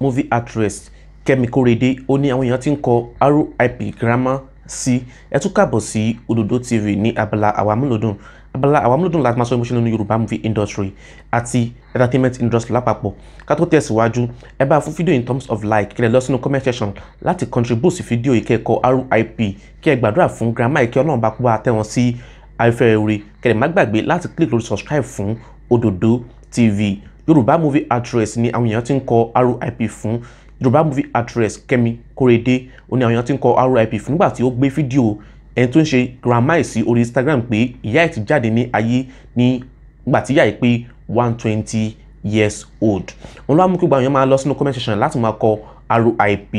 movie actress kemi korede, ó ní àwọn èèyàn ti ń kọ RIP grammar sí ẹ tún kàbọ̀ sí Òdòdó TV ní abala àwàmúlòdùn abala àwàmúlòdùn láti máa sọ ìmúṣẹ nínú Yorùbá movie industry àti entertainment industry lápapọ̀ ká tó tẹ̀síwájú ẹ bá fún fídíò in terms of like kílẹ̀ lọ sínú comment section láti contribute sí fídíò ìkẹ́kọ̀ọ́ RIP kí ẹ gbàdúrà fún grammar ìkẹ́ Ọlọ́run bá kó bá tẹ̀ wọ́n sí afẹ́rẹ́ rẹ̀ kẹ̀lẹ́ má gbàgbé láti click lórí subscribe fún Òdòdó TV yorùbá movie actress ni àwọn èèyàn ti ń kọ RIP fún yorùbá movie actress Kẹ́mi Korede ó àwọn èèyàn ti ń kọ RIP fún nígbà tí ó gbé fídíò ẹni tó ń ṣe Grammy sí orí Instagram pé ìyá ẹ̀ ti jáde ní ayé nígbà tí ìyá ẹ̀ pé one twenty years old wọn ló wá mú kí gbogbo máa lọ sínú comment section láti máa kọ RIP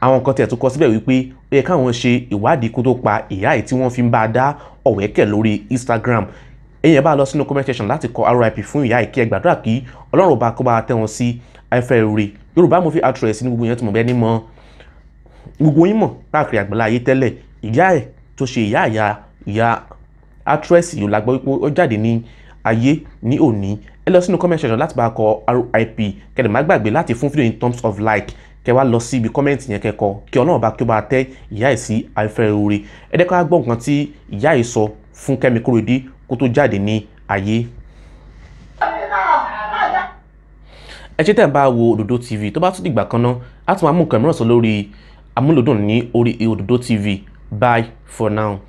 àwọn nǹkan tiẹ̀ tó kọ síbẹ̀ wípé ó yẹ káwọn ṣe ìwádìí kó tó pa ìyá ẹ̀ tí wọ́n fi ń bá a dá ọ̀wẹ́kẹ̀ lórí Instagram èyàn bá lọ sínú comment section láti kọ RIP fún ìyá ìkí ẹ gbàdúrà kí ọlọ́run ọba kó bá tẹ́ wọn sí afẹ́ rere yorùbá movie actress ní gbogbo yẹn tó mọ̀ bẹ́ẹ̀ ni mọ̀ gbogbo yín mọ̀ káàkiri àgbàlá ayé tẹ́lẹ̀ ìyá ẹ̀ tó ṣe ìyá ìyá ìyá actress yìí lágbọ́ wípé ó jáde ní ayé ní òní ẹ lọ sínú comment section láti bá kọ RIP kẹ́lẹ̀ má gbàgbé láti fún fídíò ní thumbs of like kẹ wá lọ sí ibi kọ́mẹ́ǹtì yẹn kẹ́kọ̀ọ́ kí ọlọ́run bá kí ó bá tẹ́ ìyá ẹ̀ sí afẹ́ rere ẹ dẹ́ka gbọ́ nǹkan tí ìyá ẹ̀ sọ fún Kẹ́mi Kórèdé kó tó jáde ní ayé. ẹ ṣe tẹ̀ ń bá wo òdòdó tv tó bá tún dìgbà kan náà á tún máa mú nǹkan mìíràn sọ lórí amúlòdùn ní orí òdòdó tv bye for now.